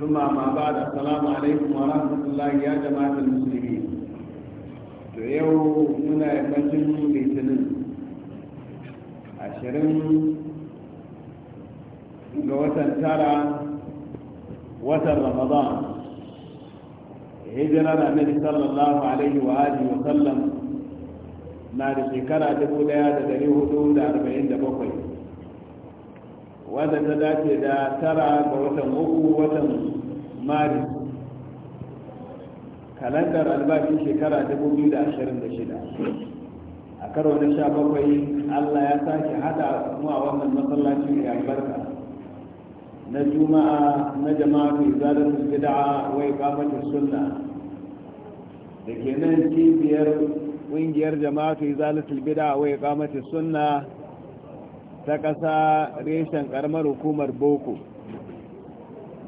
ثم ما بعد السلام عليكم ورحمة الله يا جماعة المسلمين yau muna yammacin litinin ashirin ga watan tara watan ramadan hijirar annabi sallallahu alaihi wa alihi na da shekara dubu daya da dari hudu da arba'in da bakwai wadda ta dace da tara ga watan uku watan maris kalandar albashin shekara 2026 a karo na sha bakwai allah ya sake hada mu a wannan masallacin ya albarka na juma'a na jama'a fi zalar bid'a wa iqamati sunna da ke nan cibiyar ƙungiyar jama'a fi zalar bid'a wa iqamati sunna ta ƙasa reshen ƙaramar hukumar boko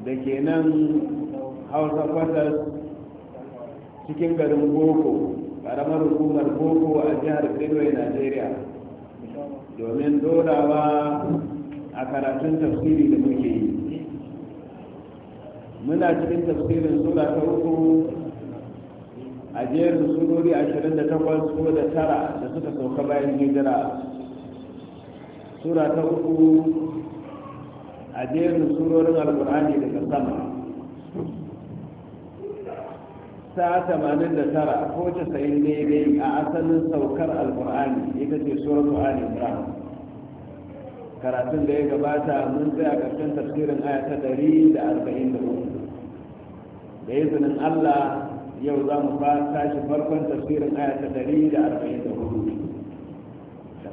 da ke nan hausa kwatas cikin garin boko ƙaramar hukumar boko a jihar benue nigeria domin dorawa a karatun tafsiri da muke yi muna cikin tafsirin sura ta uku a jerin surori 28 ko da tara da suka sauka bayan hijira sura ta uku a jerin surorin alkur'ani daga sama ta tamanin da tara ko casa'in daidai a asalin saukar alkur'ani ita ce suratu ali imran karatun da ya gabata mun tsaya karshen tafsirin aya ta ɗari da arba'in da uku da izinin allah yau za mu tashi farkon tafsirin aya ta ɗari da arba'in da hudu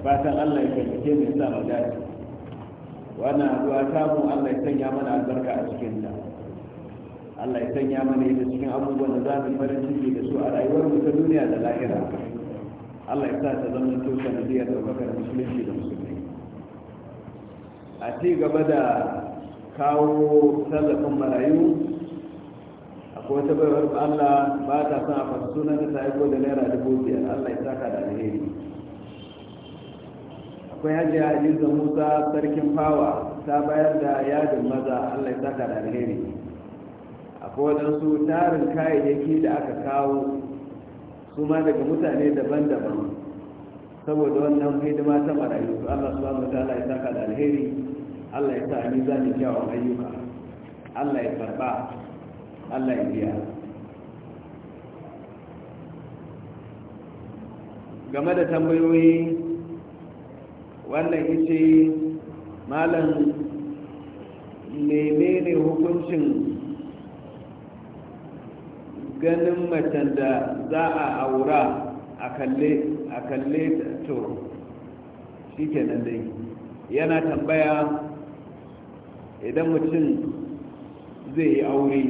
fatan Allah ya taimake mu sa mu dace wannan addu'a ta mu Allah ya sanya mana albarka a cikin ta Allah ya sanya mana yadda cikin abubuwan da za mu farin ciki da su a rayuwar mu ta duniya da lahira Allah ya sa ta zama to sanadiyar daukakar musulunci da musulmi a ci gaba da kawo tallafin marayu ko wata baiwar Allah ba ta son a fasa sunan ta aiko da naira dubu biyar Allah ya saka da alheri akwai hajiya zan musa sarkin fawa ta bayar da yadin maza allah saka da alheri a kowadansu tarin kayayyaki da aka kawo su ma daga mutane daban-daban saboda wannan hidima ta marayu allah su amma ta'ala allai saka da alheri allah ya sa ni kyawun ayyuka allah ya karba allah ya biya game da tambayoyi wannan ita malam menene hukuncin ganin macen da za a aura a kalle to shi kenan dai yana tambaya idan mutum zai yi aure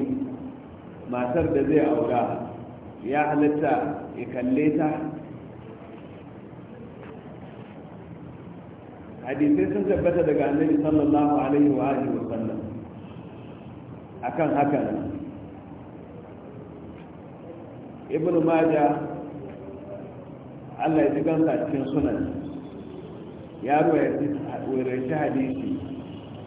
matar da zai aura ya halitta ya kalle ta hadisai sun tabbata daga annabi sallallahu alaihi wa alihi wa sallam akan haka ibn majah Allah ya ji gansa cikin sunan ya ruwa shi hadisi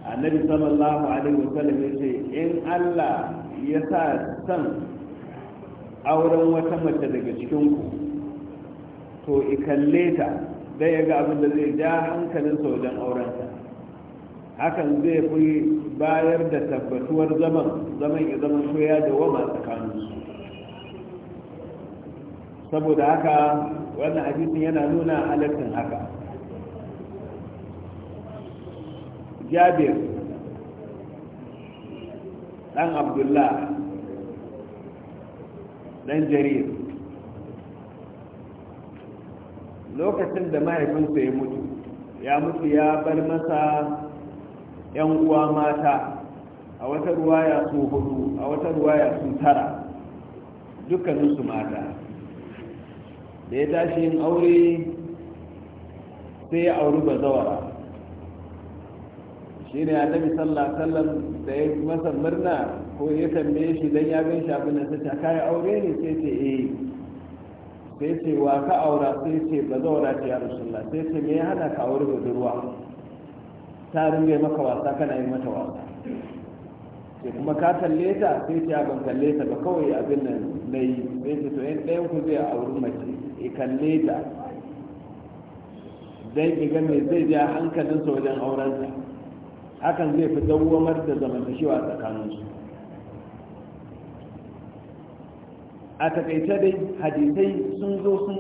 annabi sallallahu alaihi wa sallam ya ce in Allah ya sa san auren wata mace daga cikinku to ikalle ta Zai ya ga abin da zai ja hankalin wajen aurensa hakan zai fi bayar da tabbatuwar zaman zaman ya zama soya da wama tsakaninsu saboda haka wannan hadisin yana nuna halartin haka jabir dan abdullah dan jarir lokacin da mahaifinsa ya mutu ya mutu ya bar masa yan uwa mata a wata ruwa ya su hudu a wata ruwa ya su tara dukkaninsu mata da ya tashi yin aure sai ya auri bazawara shi ne annabi sallah sallam da ya masa murna ko ya tambaye shi don ya bin shafi na da ta aure ne sai ce eh sai ce wa ka aura sai ce ba zaura ce ya rasulullah sai ce me ya hana ka aure budurwa ta ringa maka wasa kana yi mata wasa kuma ka kalle ta sai ce ban kalle ta ba kawai abin nan na yi sai ce to yan ɗayan ku zai auri mace e kalle ta dan ki ga me zai ja hankalinsa wajen aurensa hakan zai fi dawwamar da zamantakewa tsakaninsu a takaice dai hadisai sun zo sun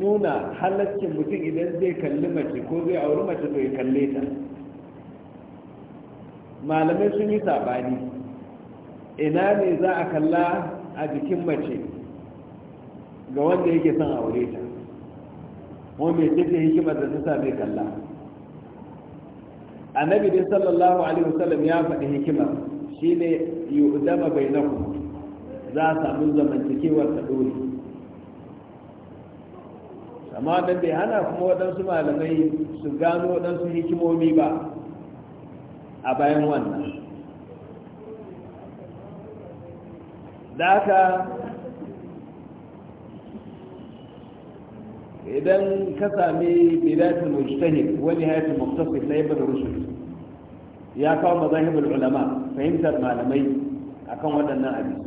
nuna halaccin mutum idan zai kalli mace ko zai auri mace to ya kalle ta malamai sun yi sabani ina ne za a kalla a jikin mace ga wanda yake son aure ta kuma mai cikin hikima da ta zai kalla annabi dai sallallahu alaihi wasallam ya faɗi hikima shine yu'dama bainakum za a samu zamantakewar ta dore amma bai hana kuma waɗansu malamai su gano waɗansu hikimomi ba a bayan wannan da haka idan ka sami bidatul mujtahid wani nihayatul muqtasid na ibn rushd ya kawo mazahibul ulama fahimtar malamai akan waɗannan abin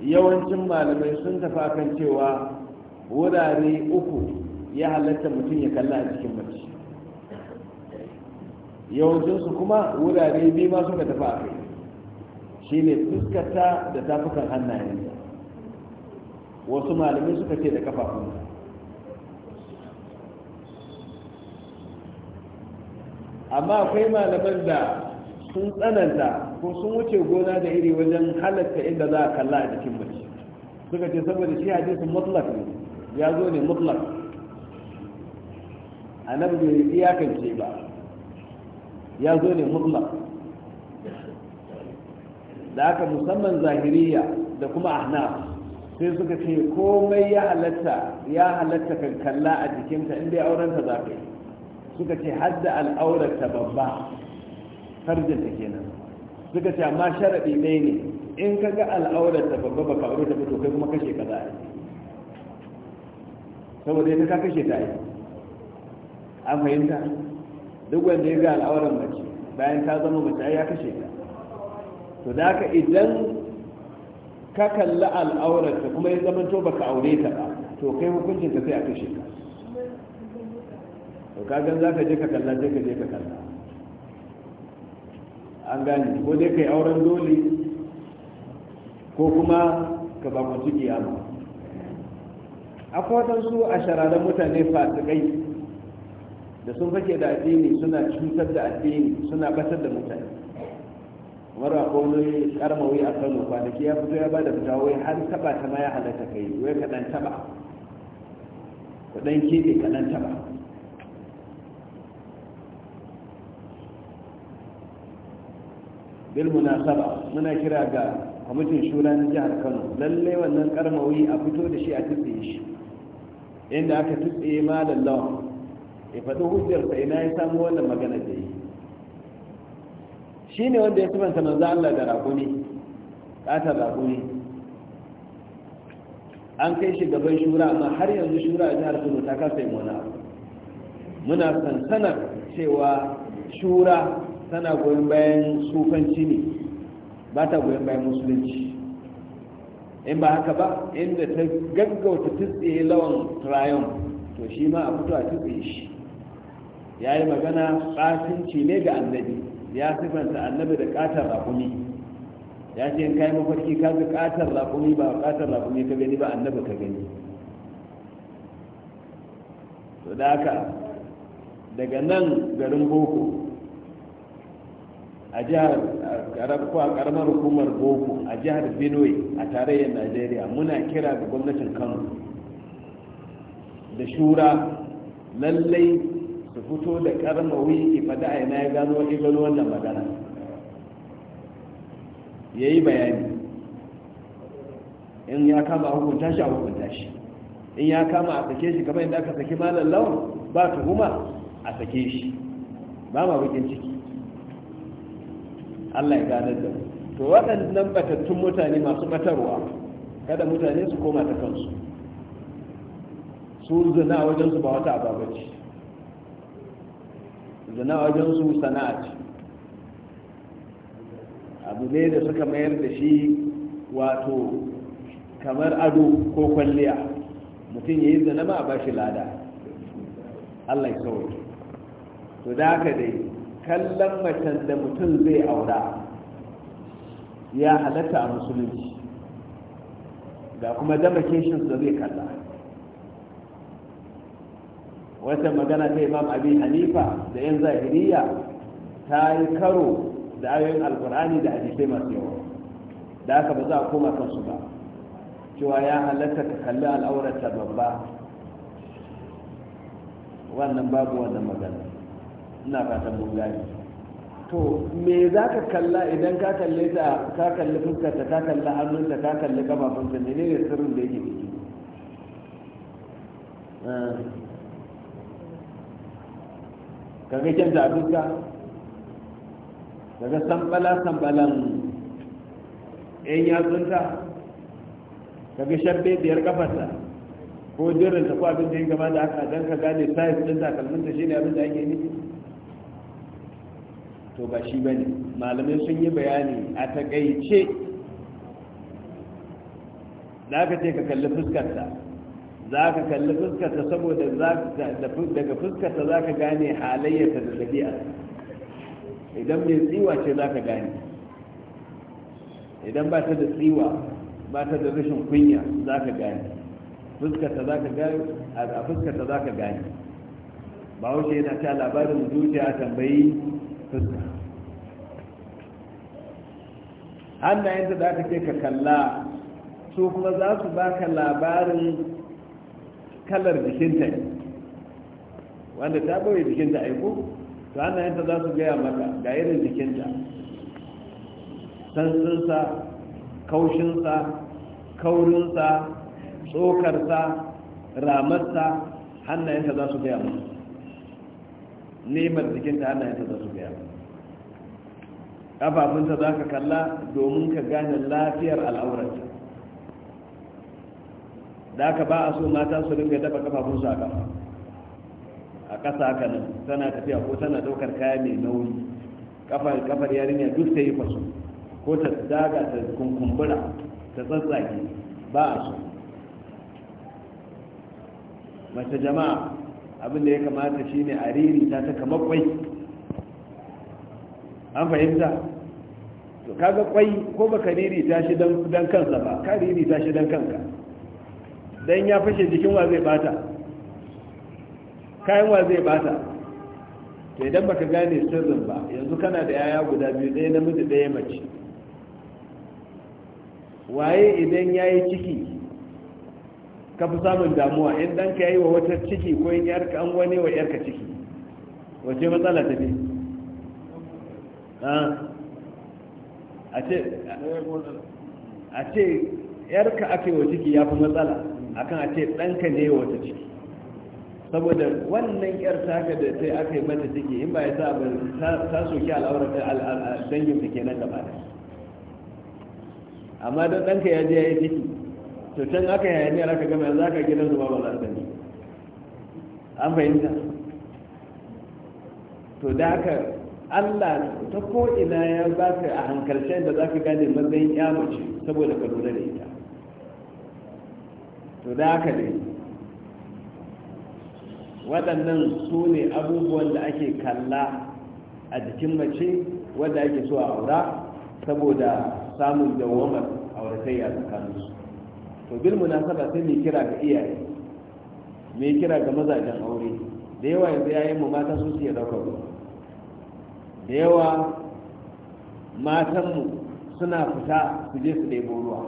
yawancin malamai sun tafi kan cewa wurare uku ya halatta mutum ya kalla a cikin mace yawancinsu kuma wurare biyu ma suka tafi a kai shi ne fuskarta da tafukan hannayenta wasu malamai suka ce da kafafun amma akwai malaman da sun tsananta ko sun wuce gona da iri wajen halatta inda za a kalla a jikin mace suka ce saboda shi hadisin mutlak ne ya zo ne mutlak a nan bai iyakance ba ya zo ne mutlak da aka musamman zahiriya da kuma ahna sai suka ce komai ya halatta ya halatta kan kalla a jikinta inda ya aurenta za ka yi suka ce hadda ta babba farjinta kenan suka ce amma sharaɗi ne ne in ka ga al'aurar ta babba baka aure ta fito kai kuma kashe ka za a yi saboda ita ka kashe ta yi an fahimta duk wanda ya ga al'aurar mace bayan ta zama mace ya kashe ta to da haka idan ka kalli al'aurar ta kuma ya zama to baka aure ta ba to kai hukuncin ta sai a kashe ka to kagan za ka je ka kalla je ka je ka kalla an gane ko dai kai auren dole ko kuma ka bakwanci kiyama akwai su a shararen mutane fasikai da sun fake da addini suna cutar da addini suna batar da mutane kamar a kone karmawi a kano kwanaki ya fito ya ba da fita wai har taba ta ma ya halatta kai wai kaɗan taba kaɗan ne kaɗan taba bil munasaba muna kira ga kwamitin shura na jihar Kano lalle wannan karmawi a fito da shi a tsitsiye shi inda aka tsitsiye malam lawan ya faɗi hujjarsa ina ya samu wannan magana da yi shi ne wanda ya sifanta manzo Allah da raƙuni ƙatar raƙuni an kai shi gaban shura amma har yanzu shura a jihar Kano ta kasa yin wani abu muna sansanar cewa shura tana goyon bayan sufanci ne ba ta goyon bayan musulunci in ba haka ba inda ta gaggauta tutse lawan trayon to shi ma a fito a tutse shi ya yi magana ƙatinci ne ga annabi ya sifanta annabi da ƙatar raƙumi ya ce in mafarki ka ga ƙatar raƙumi ba ƙatar raƙumi ka gani ba annabi ka gani to da haka daga nan garin boko a jihar a karamar hukumar boko a jihar benue a tarayyar najeriya muna kira ga gwamnatin kano da shura lallai su fito da karmawi fada a yana ya gano gano wannan magana ya yi bayani in ya kama a hukunta shi a hukunta shi in ya kama a sake shi kamar yadda aka saki malar lawan ba tuhuma a sake shi ba ma bakin ciki Allah ya gane da to waɗannan batattun mutane masu batarwa kada mutane su koma ta kansu su zina a wajensu ba wata ababa ce zina a su sana'a ce abu ne da suka mayar da shi wato kamar ado ko kwalliya mutum ya yi zina ma a bashi lada allah ya kawai to da haka dai kallon macen da mutum zai aura ya halatta a musulunci ga kuma demarcations da zai kalla wata magana ta imam abin hanifa da yan zahiriya ta yi karo da ayoyin alkur'ani da hadisai masu yawa da aka ba za a koma kansu ba cewa ya halatta ka kalli al'aurata, babba wannan babu wannan magana ina fatan mun gane to me za ka kalla idan ka kalle ta ka kalli fuskarta ka kalli hannunta ka kalli kafafunta ne ne sirrin da yake ciki eh, ka ga kyan a fuska ka ga sambala sambalan yan yatsunta ka ga shabbe biyar kafarsa ko jirinta ko abin da ya gama da haka dan ka gane size ɗin takalminta shi ne abin da ake nufi to ba shi ba ne malamai sun yi bayani a takaice za ka ce ka kalli fuskarta za ka kalli fuskarta saboda daga fuskarta za ka gane halayyarta da ɗabi'a idan mai tsiwa ce za ka gane idan ba ta da tsiwa ba ta da rashin kunya za ka gane fuskarta za ka gane a fuskarta za ka gane ba wuce yana ta labarin zuciya tambayi fuska hannayen da aka ke ka kalla su kuma za su baka labarin kalar jikinta wanda ta ɓoye jikinta aiko to hannayenta za su gaya maka ga irin jikinta sansunsa kaushinsa kaurinsa tsokarsa ramarsa hannayenta za su gaya maka nemar jikinta ana yanta za su biya. ƙafafunta za ka kalla domin ka gane lafiyar al'aurarta da aka ba a so mata su dinga dafa ƙafafunsu a kafa a ƙasa haka nan tana tafiya ko tana ɗaukar kaya mai nauyi kafar kafar yarinya duk ta yi faso ko ta daga ta kunkumbura ta tsatsaki ba a so mace jama'a abin da ya kamata shi ne a ririta ta kamar kwai an fahimta to kaga kwai ko baka ririta shi dan kansa ba ka ririta shi dan kanka dan ya fashe jikin wa zai bata kayan wa zai bata to idan baka gane sirrin ba yanzu kana da yaya guda biyu ɗaya namiji ɗaya mace waye idan ya yi ciki ka fi samun damuwa in ɗanka ya yi wa wata ciki ko in yarka an wane wa yarka ciki wace matsala ta fi ah. a ce yarka ake wa ciki ya fi matsala akan a ce ɗanka ne wata ciki saboda wannan yar haka da sai aka yi mata ciki in ba ya sa ba ta al'aura al'aurar dangin ta kenan gaba da amma don ɗanka ya je ya yi ciki to can aka yi hanyar aka gama yanzu aka gidan zuba ba za a sani an fahimta to da haka allah ta ko'ina ya ba ka a hankalce da za ka gane matsayin ya mace saboda ka lura da ita to da haka ne waɗannan su ne abubuwan da ake kalla a jikin mace wadda ake so a aura saboda samun dawamar auratayya tsakaninsu to bil munasaba sai mai kira ga iyaye mai kira ga mazajen aure da yawa yanzu yayin mu mata su su daukar da yawa matanmu suna fita su je su ɗebo ruwa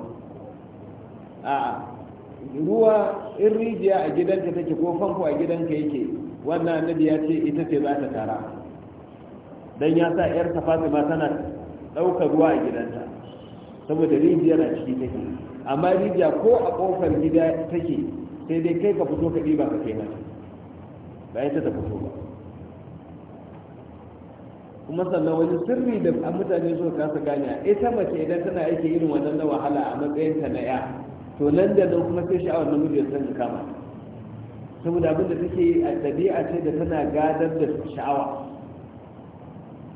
a ruwa in rijiya a gidanka take ko famfo a gidanka yake wannan annabi ya ce ita ce za ta tara don ya sa 'yar 'yarsa fatima tana ɗaukar ruwa a gidanta saboda rijiyar a ciki take amma rijiya ko a kofar gida take sai dai kai ka fito ka ɗiba ka kai mata bayan ta ta fito ba kuma sannan wani sirri da mutane suka kasa gane ita mace idan tana aiki irin wannan na wahala a matsayin ta na ya to nan da nan kuma sai sha'awar namiji ya san kama saboda abin da take a ɗabi'a ce da tana gadar da sha'awa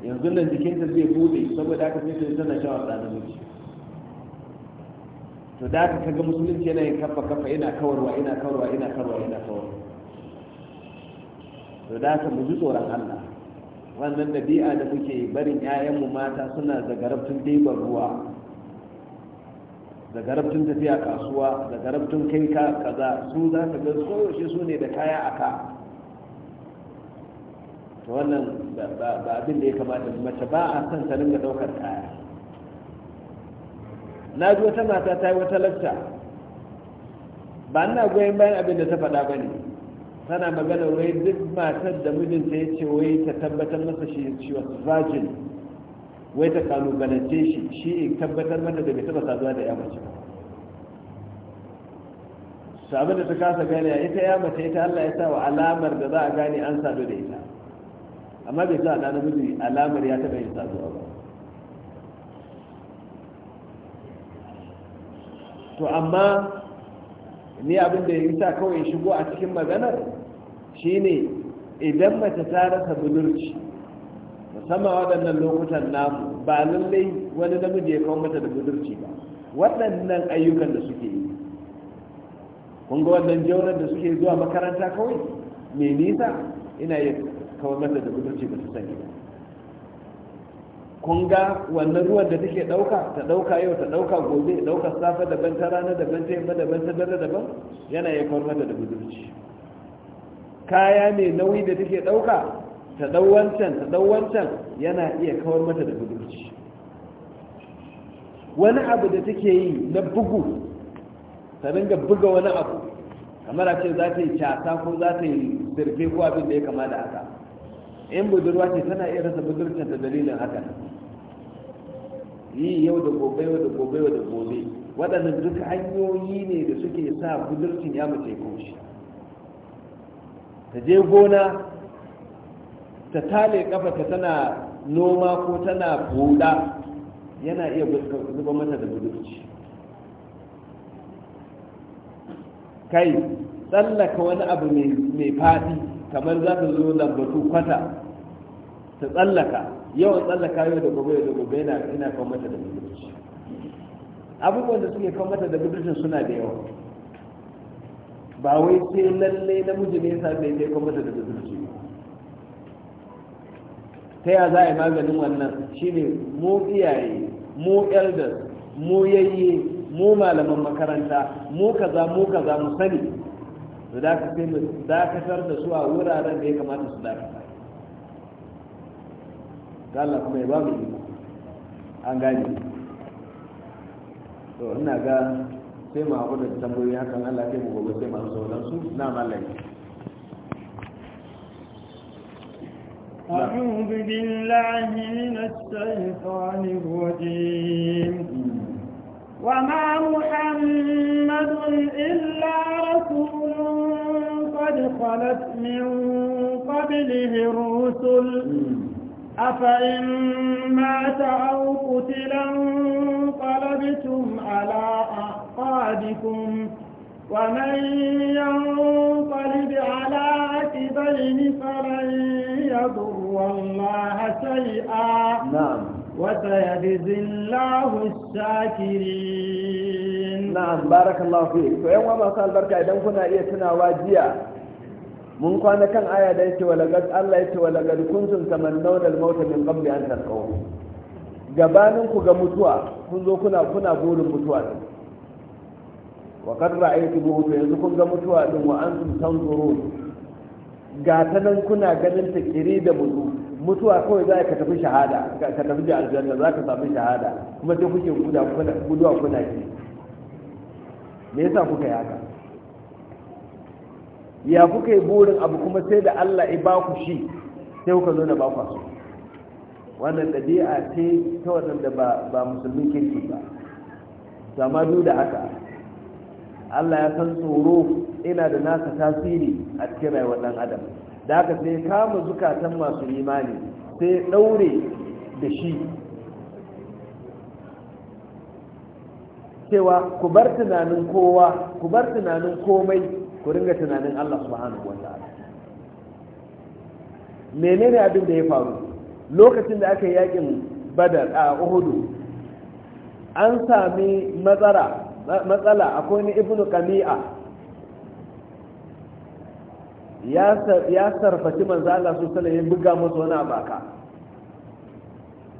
yanzu nan jikinta zai bude saboda haka sai tana sha'awar ɗan namiji to da ka kaga musulunci yana yin kafa kafa ina kawarwa ina kawarwa ina kawarwa ina kawarwa to da ka mu ji tsoron Allah wannan dabi'a da kuke barin 'ya'yanmu mata suna zagarabtun ɗiban ruwa zagarabtun tafiya kasuwa zagarabtun kai ka kaza su za ka ga koyaushe su ne da kaya a ka to wannan ba abin da ya kamata mace ba a son ta da ɗaukar kaya na ji wata mata ta yi wata lacca ba ina goyon bayan abin da ta faɗa ba ne tana magana wai duk matar da mijinta ya ce wai ta tabbatar masa shi she wasu virgin wai ta kalubalance shi shi tabbatar mata da bai taɓa saduwa da ya mace ba abin da ta kasa gani a ita ya mace ita Allah ya sa wa alamar da za a gane an sadu da ita amma bai sa da namiji alamar ya taɓa yin saduwa ba to amma ni abin da ya yi sa kawai shigo a cikin maganar shine idan mace ta rasa budurci musamman waɗannan lokutan namu ba lallai wani namiji ya kawo mata da budurci ba waɗannan ayyukan da suke yi kun ga wannan jaunar da suke zuwa makaranta kawai mai nisa ina iya kawo mata da budurci ba su sani ba kun ga wannan ruwan da take ɗauka ta ɗauka yau ta ɗauka gobe dauka safa daban ta rana daban ta yamma daban ta dare daban yana ya kawar mata da budurci kaya mai nauyi da take ɗauka ta dau wancan ta dau wancan yana iya kawar mata da budurci wani abu da take yi na bugu ta dinga buga wani abu kamar a ce za ta yi casa ko za ta yi zirfe ko abin da ya kama da haka in budurwa ce tana iya rasa budurcin ta dalilin haka yi yau da gobe yau da gobe yau da gobe waɗannan duka hanyoyi ne da suke sa budurcin ya mace kunshi ta je gona ta tale kafa ta tana noma ko tana buɗa yana iya zuba mata da budurci kai tsallaka wani abu mai fadi kamar za ta zo lambatu kwata ta tsallaka yawan tsallaka yau da gobe da gobe yana ina kan mata da budurci abubuwan da suke kan mata da budurcin suna da yawa ba wai ce lalle namiji ne sa bai kan mata da budurci ta ya za a yi maganin wannan shine mu iyaye mu elders mu yayye mu malaman makaranta mu kaza mu kaza mu sani da ka sai da su a wuraren da ya kamata su dakatar da Allah kuma ya ba mu iko an gane to ina ga sai mu a da tambayoyi hakan Allah sai mu gobe sai mu sauran su na mallaki أعوذ بالله من الشيطان الرجيم وما محمد إلا رسول قد خلت من قبله الرسل أفإن مات أو قتلا انقلبتم على أعقابكم ومن ينقلب على عقبين فلن يضر الله شيئا نعم وسيجزي الله الشاكرين نعم بارك الله فيك فيوم ما كان بركة إذا كنا إيه تنا واجية mun kwana kan aya da yake walaqad Allah yake walaqad kuntum tamannawna al-mauta min qabli an tarqaw gabanin ku ga mutuwa kun zo kuna kuna burin mutuwa din wa qad ra'aytu to yanzu kun ga mutuwa din wa antum tanzurun ga ta nan kuna ganin ta kiri da mutu mutuwa kawai za ka tafi shahada ka tafi da aljanna za ka samu shahada kuma sai kuke guda kuna guduwa kuna ki me yasa kuka yi haka ya kuka yi burin abu kuma sai da Allah ya ba ku shi sai kuka zo da ba ku so wannan ɗabi'a ce ta waɗanda ba musulmin kirki ba amma duk da haka Allah ya san tsoro ina da nasa tasiri a cikin rayuwar ɗan adam da haka sai kama zukatan masu imani sai ɗaure da shi cewa ku bar tunanin kowa ku bar tunanin komai ku ringa tunanin Allah subhanahu wata'ala menene abin da ya faru lokacin da aka yi yakin badar a uhudu an sami matsala akwai ni ibnu kami'a ya sarfaci manzo Allah su sallam ya buga musu wani abaka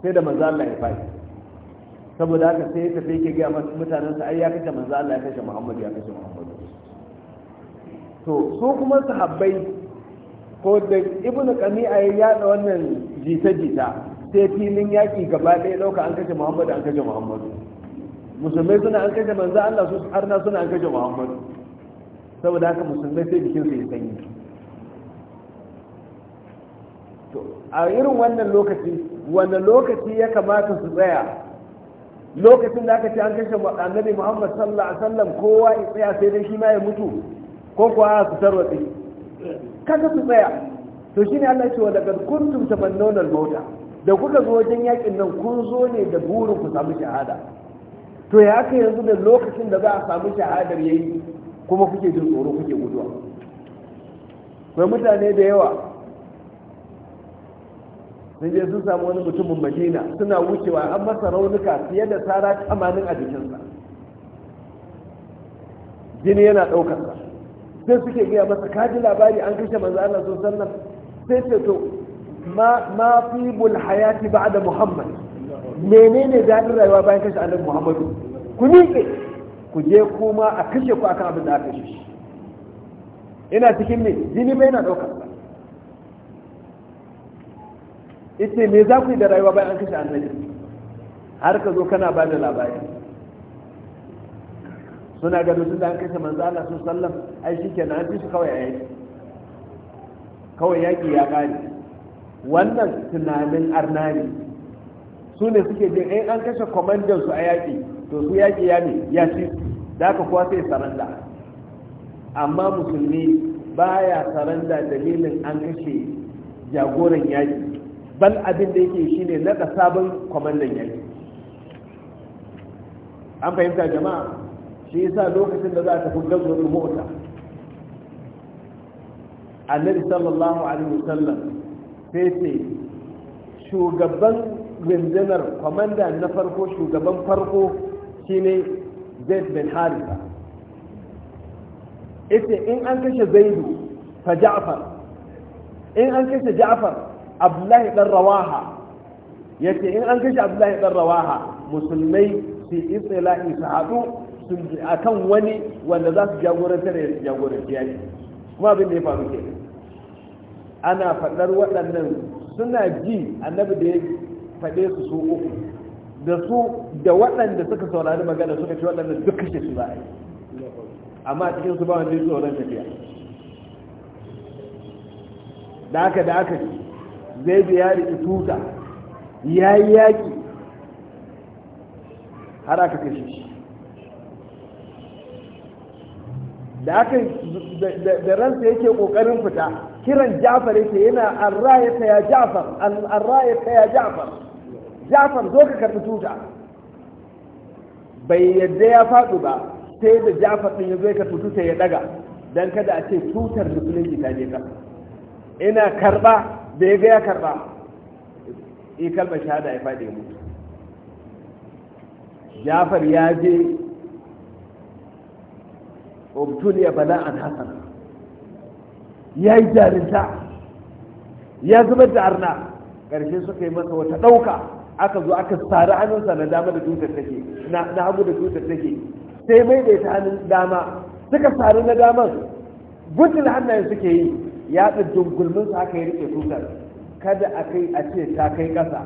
sai da manzo Allah ya faɗi saboda haka sai ya tafi yake ga mutanen sa ai ya kashe manzo Allah ya kace Muhammadu ya kace Muhammadu to su kuma sahabbai ko da ibnu qami'a ya yada wannan jita-jita sai filin yaƙi gaba ɗaya ɗauka an kashe muhammadu an kashe muhammadu musulmai suna an kashe manzo Allah su harna suna an kashe muhammadu saboda haka musulmai sai bikin su ya sanyi to a irin wannan lokaci wannan lokaci ya kamata su tsaya lokacin da aka ce an kashe annabi muhammad sallallahu alaihi wasallam kowa ya tsaya sai dai shi ma ya mutu ko kuwa su tarwatsi kaga su tsaya to shi ne Allah ce wa laqad kuntum tamannawna al mota. da kuka zo wajen yakin nan kun zo ne da burin ku samu shahada to ya aka yanzu da lokacin da za a samu shahadar yayi kuma kuke jin tsoro kuke guduwa kai mutane da yawa sun je sun samu wani mutumin madina suna wucewa an masa raunuka fiye da tsara tamanin a jikinsa jini yana ɗaukarsa sai suke gaya masa kaji labari an kashe manzo Allah sun alaihi sai ce to ma ma fi bul hayati ba'da muhammad menene dadin rayuwa bayan kashe annabi muhammadu ku miƙe ku je kuma a kashe ku akan abin da aka kashe shi ina cikin ne jini bai na ɗaukar ba ita me za ku yi da rayuwa bayan an kashe annabi har ka zo kana ba da labari suna gado tun da an kashe manzo Allah sun sallam ai shi an fi su kawai a ayi kawai yaki ya kare wannan tunanin arnani su ne suke jin ai eh, an kashe kwamandan su a yaki to su yaki ya ne ya ci da aka kuwa sai saranda amma musulmi baya saranda dalilin an kashe jagoran yaki bal abin da yake shine nada sabon kwamandan yaki an fahimta jama'a shi yasa lokacin da za a tafi gazwar mota annabi sallallahu alaihi wasallam sai ce shugaban rundunar kwamanda na farko shugaban farko shine zaid bin harisa ita in an kashe zaidu fa ja'far in an kashe ja'far abdullahi dan rawaha yace in an kashe abdullahi dan rawaha musulmai su itsila'i su haɗu akan wani wanda za su jagoranta da jagoranci ce kuma abin da ya faru ke ana faɗar waɗannan suna ji annabi da ya faɗe su su uku da su da waɗanda suka saurari magana suka ci waɗanda duk kashe su za a yi amma cikin su ba wanda ya tsoron tafiya da aka da aka ji zai biya da tuta ya yi yaƙi har aka kashe shi da aka da ransa yake kokarin fita kiran jafar yake yana ta ya jafar an ta ya jafar jafar zo ka karbi tuta bai yadda ya faɗu ba sai da jafar ɗin ya zo ka tuta ya daga don kada a ce tutar musulunci ta je ka ina karɓa da ya ga ya karɓa e kalmar shahada ya faɗi mutu jafar ya je ubtuliya bala'an Hassan ya yi jarinta ya zubar da arna ƙarshe suka yi masa wata ɗauka aka zo aka tsari hannunsa na dama da tutar take na hagu da tutar take sai mai da ita hannun dama suka tsari na damar gudun hannaye suke yi ya ɗin gulminsa aka yi rike tutar kada a kai ce ta kai ƙasa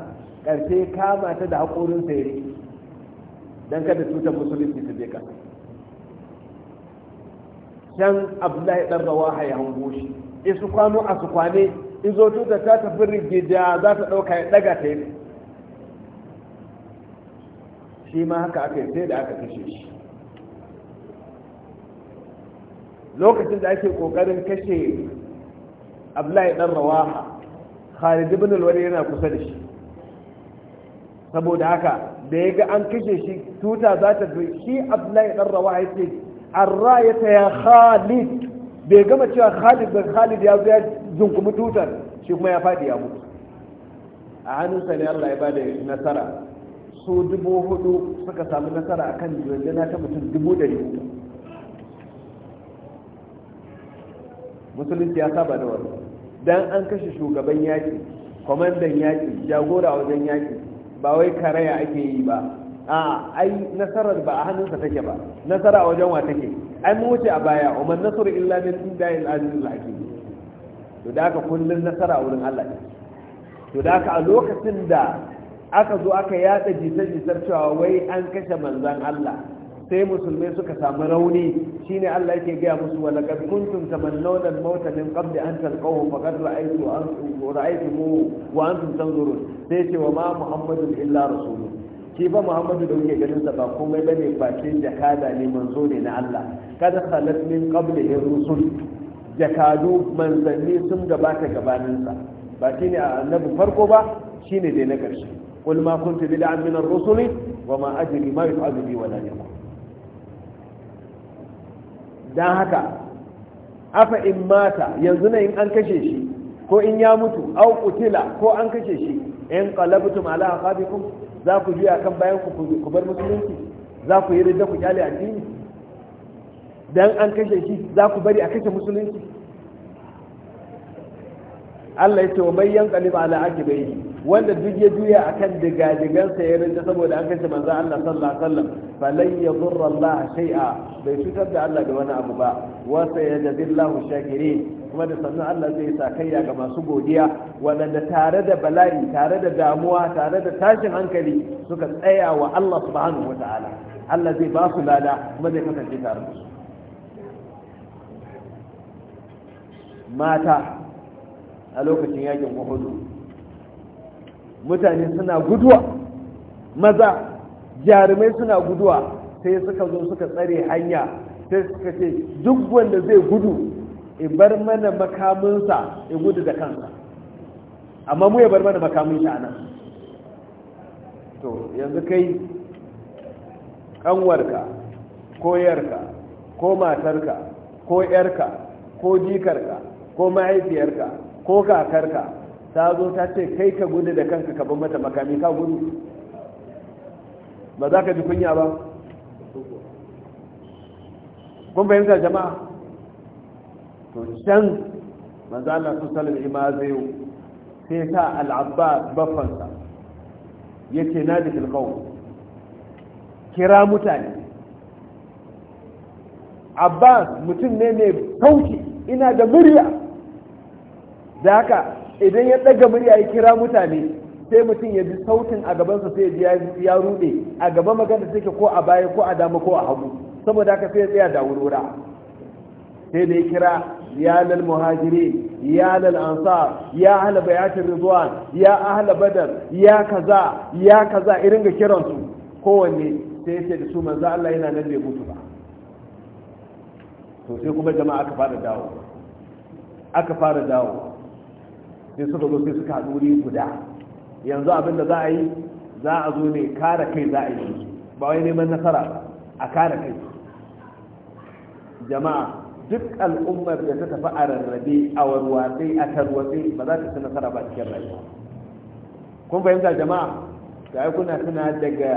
ƙarshe kama ta da haƙorinsa ya rike don kada tutar musulunci ta je ƙasa dan abdullahi dan rawaha ya hango shi in su kwano a su kwane in zo tuta ta tafi rigida za ta ɗauka ya ɗaga ta yi shi ma haka aka yi sai da aka kashe shi lokacin da ake ƙoƙarin kashe abdullahi dan rawaha khalid ibn al-walid yana kusa da shi saboda haka da ya ga an kashe shi tuta za ta fi shi abdullahi dan rawaha yake arrayata ya khalid bai gama cewa khalid bai khalid ya zo ya zunkumi tutar shi kuma ya faɗi ya mutu a hannun ne allah ya bada nasara su dubu hudu suka samu nasara a kan jirgina ta mutum dubu dari hudu musulunci ya saba da wani dan an kashe shugaban yaƙi kwamandan yaƙi jagora wajen yaƙi ba wai karaya ake yi ba a ai nasarar ba a hannunsa take ba nasara a wajen wa take ai mu wuce a baya umar nasar illa min inda il azizul hakim to da aka kullun nasara a wurin Allah to da aka a lokacin da aka zo aka yada jita-jitar cewa wai an kashe manzan Allah sai musulmai suka samu rauni shine Allah yake gaya musu wa laqad kuntum tamannawna al-mauta min qabli an talqahu faqad ra'aytu an ra'aytumu wa antum tanzurun sai ce wa ma muhammadun illa rasulun shi ba muhammadu da muke ganin sa ba komai bane face jakada ne manzo ne na Allah kada khalat min qablihi rusul jakadu manzanni sun gabata gabanin sa ba shine annabi farko ba shi ne dai na karshe qul ma kuntu bid'an min ar-rusul wa ma ajri ma yuf'alu bi wala yakum dan haka afa in mata yanzu na in an kashe shi ko in ya mutu au kutila ko an kashe shi in qalabtum ala aqabikum za ku biya kan bayan ku bar musulunci za ku yi ridda ku kyale addini dan an kashe shi za ku bari a kashe musulunci Allah ya ce wa bayan kalib ala akibai wanda duk ya juya kan digadigansa ya rinta saboda an kashe manzan Allah sallallahu alaihi wasallam falan yadurra Allah shay'a bai cutar da Allah da wani abu ba wa sayajidillahu shakirin kuma da sannan Allah zai sa kaiya ga masu godiya wadanda tare da bala'i tare da damuwa tare da tashin hankali suka tsaya wa Allah subhanahu ta'ala. Allah zai ba su lada kuma zai kasance tare da su mata a lokacin yakin Uhud mutane suna guduwa maza jarumai suna guduwa sai suka zo suka tsare hanya sai suka ce duk wanda zai gudu bar mana makaminsa ya gudu da kansa amma mu ya bar mana makamin shi anan to yanzu kai kanwarka ko yarka ko matarka ko yarka ko jikarka ko mahaifiyarka ko kakarka ta zo ta ce kai ka gudu da kanka ka bar mata makami ka gudu ba za ka ji kunya ba kun fahimta jama'a to can manzo Allah su sallam imazayu sai ta al'abba bafansa baffansa yace na da qawm kira mutane abbas mutum ne mai tauki ina da murya da haka idan ya ɗaga murya ya kira mutane sai mutum ya ji sautin a gabansa sai ya ji ya rude a gaba magana take ko a baya ko a dama ko a hagu saboda haka sai ya tsaya da wurwura sai da ya kira ya lal muhajiri ya lal ansar ya ahla bayatin ridwan ya ahla badar ya kaza ya kaza irin ga kiransu, su kowanne sai ya ce da su manzo Allah yana nan bai mutu ba to sai kuma jama'a aka fara dawo aka fara dawo sai suka zo sai suka haɗu guda yanzu abin da za a yi za a zo ne kare kai za a yi ba wai neman nasara ba a kare kai jama'a duk al'ummar da ta tafi a rarrabe a warwatse a tarwatse ba za ta ci nasara ba cikin rayuwa kun fahimta jama'a ga kuna suna daga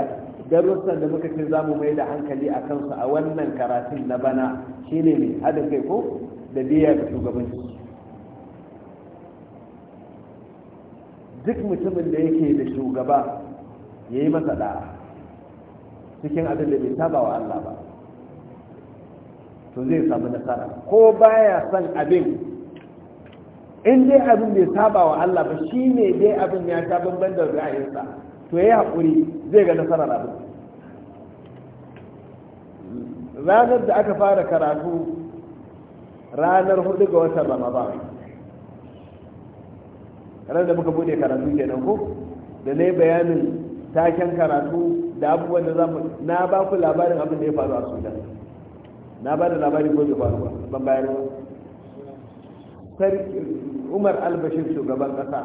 darussan da muka ce za mu mai da hankali a kansu a wannan karatun na bana shine ne haɗin kai ko da ga shugabanci duk mutumin da yake da shugaba ya yi masa da'a cikin abin da bai taba wa Allah ba to zai samu nasara ko baya son abin in dai abin bai taba wa Allah ba shi ne dai abin ya ta banban da ra'ayinsa to ya yi haƙuri zai ga nasarar abin ranar da aka fara karatu ranar hudu ga watan ramadan ranar da muka bude karatu kenan ko da na bayanin taken karatu da abubuwan da za mu na ba ku labarin abin da ya faru a sudan na ba da labarin ko da faru ban bayar ba sarki umar albashir shugaban kasa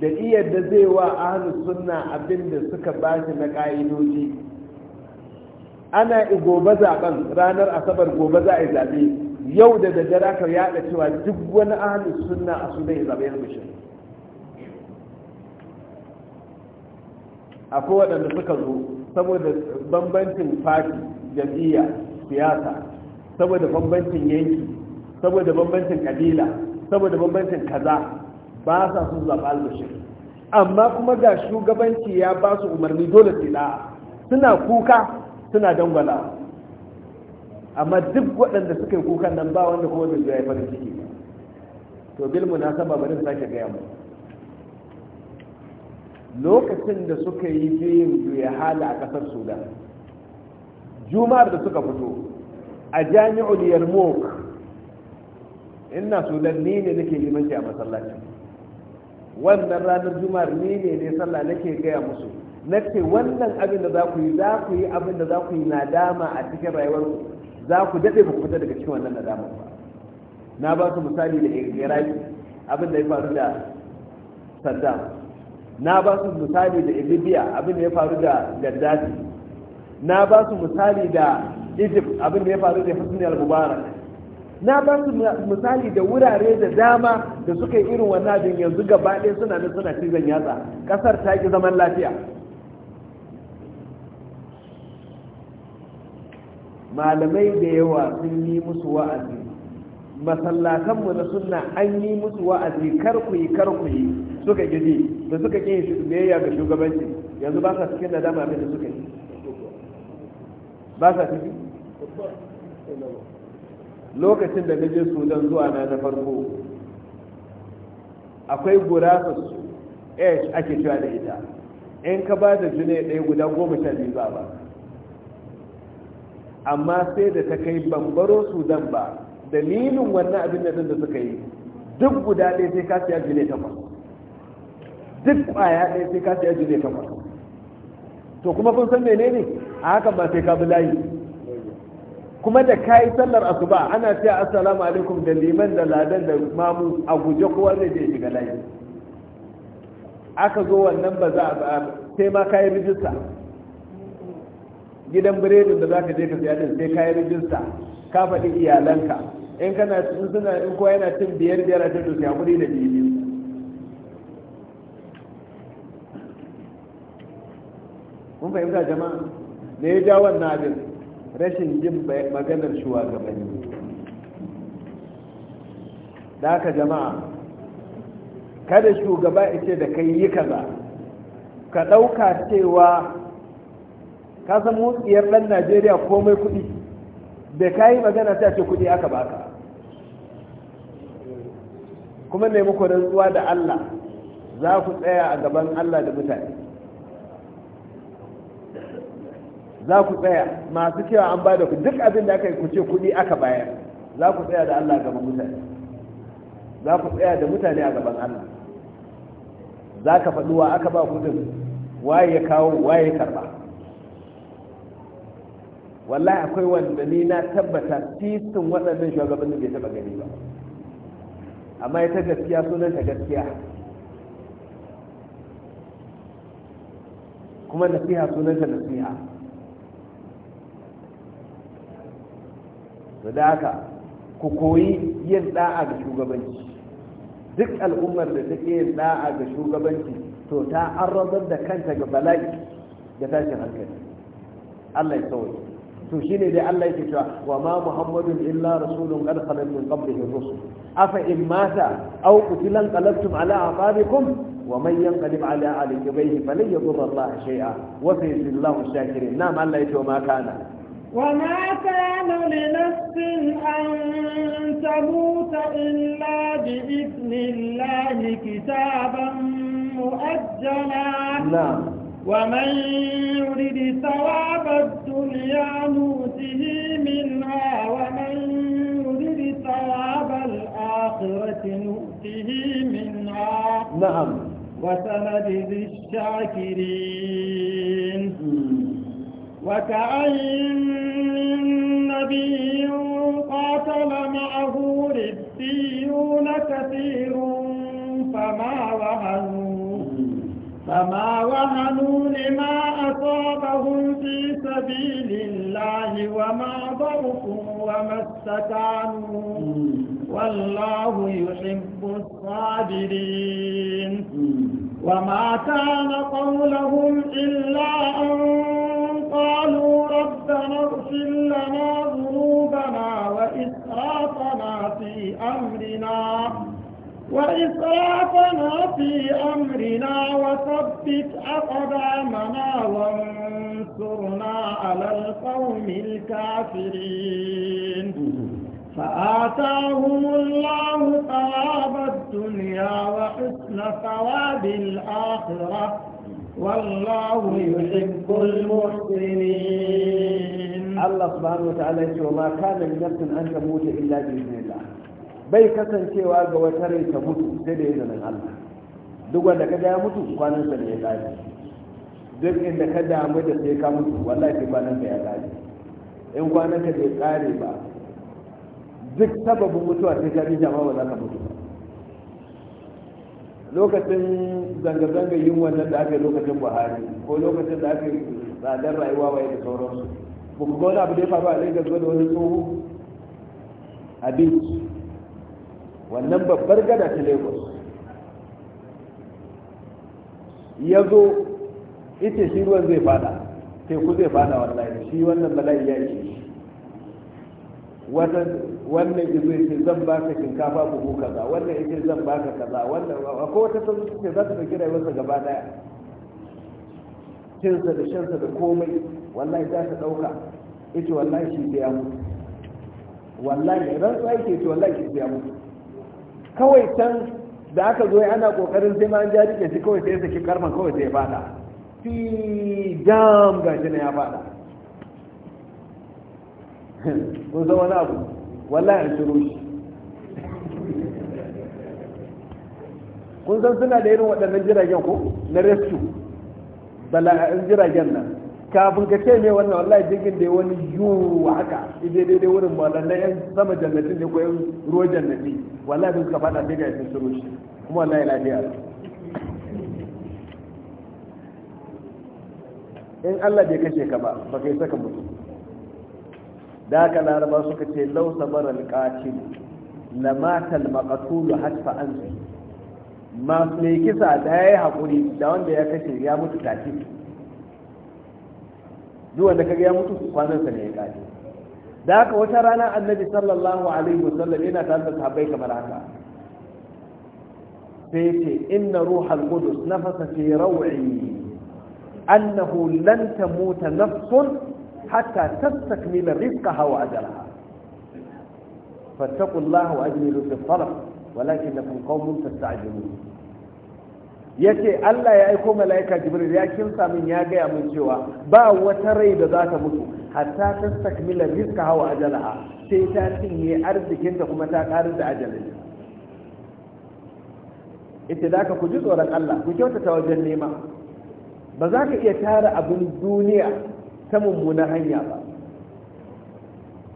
da iya da zai wa ahlu sunna abin da suka ba shi na ka'idoji ana gobe zaben ranar asabar gobe za a yi zabe yau da daddare aka yada cewa duk wani ahli sunna a sudan ya zama yan bashir akwai waɗanda suka zo saboda bambancin fati jam'iyya siyasa saboda bambancin yanki saboda bambancin kabila saboda bambancin kaza ba sa sun zaɓa albashir amma kuma ga shugabanci ya ba su umarni dole su suna kuka suna dangwalawa amma duk waɗanda suka yi kukan nan ba wanda kuma zai ya farin ciki to bil munasaba bari sake gaya mu lokacin da suka yi juyin ya hala a ƙasar sudan juma'ar da suka fito a jami'ul yarmouk ina sudan ni ne nake limanci a masallaci wannan ranar juma'ar ni ne ne sallah nake gaya musu na ce wannan abin da za ku yi za ku yi abin da za ku yi nadama a cikin rayuwarku za ku daɗe ba ku fita daga cikin wannan nadama ba na ba su misali da iraki abin da ya faru da saddam na ba su misali da libya abin da ya faru da gaddafi na ba su misali da egypt abin da ya faru da hasini al-mubarak na ba su misali da wurare da dama da suka yi irin wannan abin yanzu gaba ɗaya suna nan suna cizon yatsa ƙasar ta ki zaman lafiya malamai da yawa sun yi musu wa'azi masallatanmu na sunna an yi musu wa'azi kar ku yi kar ku yi suka gidi da suka ƙi shugabiyayya ga shugabanci yanzu ba sa cikin nadama dama da suka yi ba sa ciki lokacin da naje su sudan zuwa na na farko akwai gurasa su ake cewa da ita in ka ba da juna ɗaya guda goma sha biyu ba ba amma sai da ta kai bambaro dan ba dalilin wannan abin da da suka yi duk guda ɗaya sai ka siya jile takwas duk ƙwaya ɗaya sai ka siya jile takwas to kuma kun san ne a hakan ba sai ka bi layi kuma da ka yi sallar asuba ana cewa assalamu alaikum da liman da ladan da mamu a guje kowa zai shiga layi aka zo wannan ba za a sai ma ka yi rijista gidan biredin da zaka je ka siya din sai kayi rijista ka faɗi iyalanka in kana cikin suna in kowa yana cin biyar biyar a cikin a kuɗi da biyu mun fahimta jama'a da ya ja wannan abin rashin jin maganar shugabanni da haka jama'a kada shugaba ya ce da kai yi kaza ka ɗauka cewa ka san mu ɗan najeriya komai kuɗi da ka yi magana ta ce kuɗi aka baka kuma ne muku rantsuwa da allah za ku tsaya a gaban allah da mutane za ku tsaya masu cewa an ba da ku duk abin da aka yi ku ce kuɗi aka bayar za ku tsaya da allah a gaban mutane za ku tsaya da mutane a gaban allah za ka faɗuwa aka ba kudin waye ya kawo waye ya karɓa wallahi akwai wanda ni na tabbata titin waɗannan shugabannin bai taɓa gani ba amma ita gaskiya sunan ta gaskiya kuma nasiha sunan ta nasiha da haka ku koyi yin da'a ga shugabanci duk al'ummar da take yin da'a ga shugabanci to ta arrazar da kanta ga bala'i da tashin hankali Allah ya sauya to shine da Allah yake cewa wa ma muhammadun illa rasulun qad khalat min qablihi rusul afa in mata aw qutilan qalabtum ala aqabikum wa man yanqalib ala aqibihi falan yadurra Allah shay'a wa sayajzillahu shakirin nam Allah yake wa ma kana وما كان لنفس أن تموت إلا بإذن الله كتابا مؤجلا نعم ومن يرد ثواب الدنيا نوته منها ومن يرد ثواب الآخرة نؤته منها نعم وسنجزي الشاكرين وكأين من نبي قاتل معه ربيون كثير فما وهنوا فما وهنوا لما أصابهم في سبيل الله وما ضرقوا وما استكانوا والله يحب الصابرين وما كان قولهم إلا أن قالوا ربنا اغفر لنا ذنوبنا وإسرافنا في أمرنا وإسرافنا في أمرنا وثبت أقدامنا وانصرنا على القوم الكافرين فآتاهم الله ثواب الدنيا وحسن ثواب الآخرة والله يحب المحسنين الله سبحانه وتعالى يقول ما كان لنفس أن تموت إلا بإذن الله bai kasancewa ga wata rai ta mutu sai da izinin Allah duk wanda ka ya mutu kwanan sa ne ya tsari duk inda ka damu da sai ka mutu wallahi sai kwanan sa ya tsari in kwanan ka bai tsari ba duk sababin mutuwa sai ka rija ma ba za ka mutu lokacin zanga-zanga yin wannan da aka yi lokacin buhari ko lokacin da aka yi tsadar rayuwa wa da sauransu ba ku ga wani abu da ya faru a lagos wani wani a abinci wannan babbar gada ta lagos ya zo ita shi ruwan zai fada teku zai fada wallahi shi wannan bala'i ya ce wannan izo yake zan baka shinkafa buhu kaza wannan yake zan baka kaza wannan akwai wata sun ce za ta ɗauki rayuwarsa gaba daya cinsa da shansa da komai wallahi za ta ɗauka ita wallahi shi ya mutu wallahi ran su ke ita wallahi shi ya mutu kawai can da aka zo ana kokarin sai ma an jari ke shi kawai sai saki karman kawai sai ya fada fi dam shi na ya fada kun san wani abu wallahi an shiru shi kun san suna da irin waɗannan jiragen ko na rescue bala'in jiragen nan kafin ka ce ne wannan wallahi jirgin da wani yu haka idai daidai wurin ba na yan sama jannatin ne ko yan ruwa jannati wallahi sun ka fada sai ga sun suru shi kuma wallahi lafiya in Allah bai kashe ka ba ba kai saka mutu da haka laraba suka ce lau sabar na lamata almaqtul hatta an ma mai kisa da ya yi hakuri da wanda ya kashe ya mutu kafin duk wanda kaga ya mutu kwanan sa ne ya kare da haka wata rana annabi sallallahu alaihi wasallam yana tare da sahabbai kamar haka sai ce inna ruhal qudus nafasa fi raw'i annahu lan tamuta nafsun hatta tastakmila rizqaha wa ajalaha fattaqullaha wa ajmilu fi talab ولكنكم قوم تستعجلون ya ce Allah ya aiko mala'ika jibril ya kinsa min ya gaya mun cewa ba wata rai da za ta mutu hatta ta takmila riska hawa ajalaha sai ta cinye arzikinta kuma ta karar da ajalin ita da ka ku ji tsoron Allah ku kyautata wajen nema ba za ka iya tara abin duniya ta mummunan hanya ba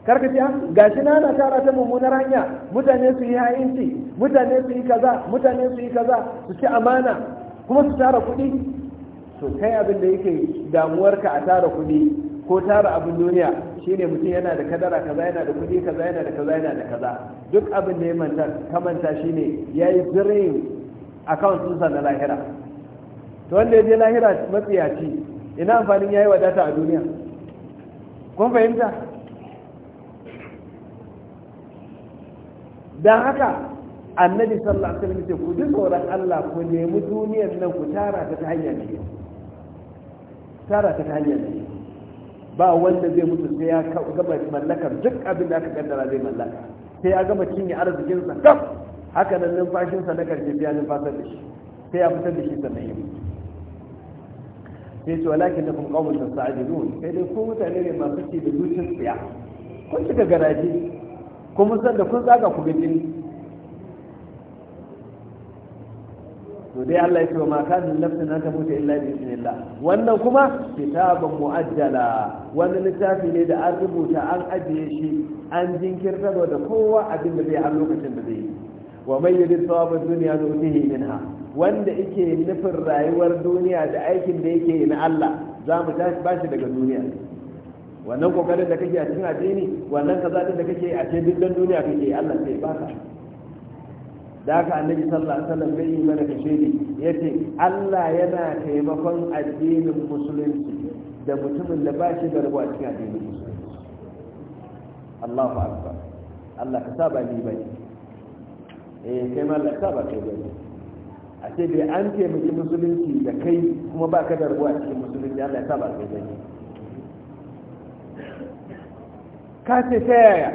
karka ce gashi na na tara ta mummunar hanya mutane su yi ha'inci mutane su yi kaza mutane su yi kaza su ci amana kuma su tara kuɗi to kai abin da yake damuwarka a tara kuɗi ko tara abin duniya shine mutum yana da kadara kaza yana da kuɗi kaza yana da kaza yana da kaza duk abin da ya manta ka manta shine yayi zirin account ɗinsa na lahira to wanda ya je lahira matsiyaci ina amfanin yayi wadata a duniya kun fahimta don haka annabi sallallahu alaihi wasallam ku ji tsoron Allah ku nemi duniyar nan ku tara ta ta hanyar ne tara ta ta hanyar ne ba wanda zai mutu sai ya gama mallakar duk abin da aka kaddara zai mallaka sai ya gama cinye arzikinsa kaf haka nan sa na karshe biya numfasar da shi sai ya fitar da shi sannan ya mutu sai ce walakin na kuma kawo mutum sa'adi nun sai dai ko mutane ne masu ci da zuciyar tsiya kun cika garaje kuma san da kun tsaga ku jini to dai Allah ya ce ka maka nafsi na ta mutu illa bi ismillah wannan kuma kitabun muajjala wani littafi ne da an rubuta an ajiye shi an jinkirta da kowa abin da zai har lokacin da zai yi wa mai yadda sawabin duniya wuce minha wanda yake nufin rayuwar duniya da aikin da yake yi na Allah za mu tashi bashi daga duniya wannan kokarin da kake a cikin addini wannan kaza da kake a cikin dukkan duniya kake Allah sai baka da haka annabi sallallahu alaihi wasallam bai yi mana kashiri yace Allah yana taimakon addinin musulunci da mutumin da ba shi da rabo a cikin addinin musulunci Allahu akbar Allah ka saba ni bai eh kai ma Allah ka saba kai bai a ce bai an taimaki musulunci da kai kuma ba ka da rabo a cikin musulunci Allah ya saba kai bai ka ce ta yaya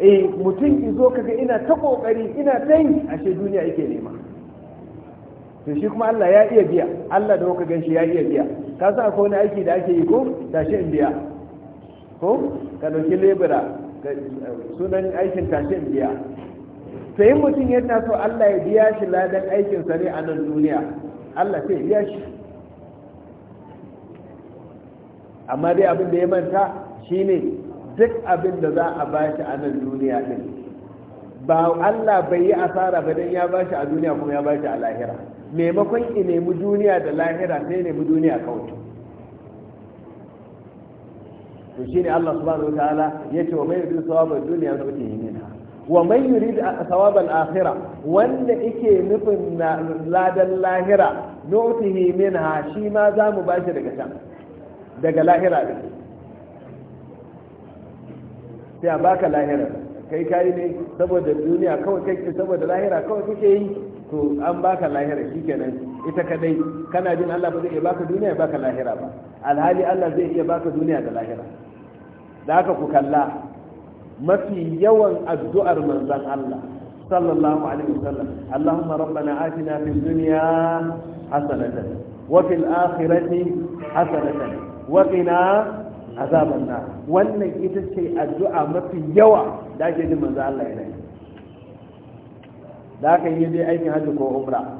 eh mutum izo kaga ina ta kokari ina ta yi ashe duniya yake nema to shi kuma Allah ya iya biya Allah da kuka ganshi ya iya biya ka san akwai wani aiki da ake yi ko tashi in biya ko ka dauki lebura sunan aikin tashi in biya to yin mutum yana so Allah ya biya shi ladan aikin sa ne a nan duniya Allah sai biya shi amma dai abin da ya manta shine duk abin da za a bashi a nan duniya din ba Allah bai yi asara ba dan ya bashi a duniya kuma ya bashi a lahira maimakon ki nemi duniya da lahira sai nemi duniya kawai to shi ne Allah subhanahu wataala yace wa mai yuridu thawaba dunya nutihi minha wa mai yuridu thawaba al-akhirah wanda yake nufin ladan lahira nutihi minha shi ma zamu bashi daga can daga lahira din sai a baka lahira kai kayi ne saboda duniya kawai kake saboda lahira kawai kake yi to an baka lahira shikenan ita kadai kana jin Allah ba zai iya baka duniya ya baka lahira ba alhali Allah zai iya baka duniya da lahira da haka ku kalla mafi yawan addu'ar manzon Allah sallallahu alaihi wasallam Allahumma rabbana atina fid dunya hasanatan wa fil akhirati hasanatan wa qina azaban na wannan ita ce addu'a mafi yawa da ake jin manzo Allah ya rai da kan yi dai aikin hajji ko umra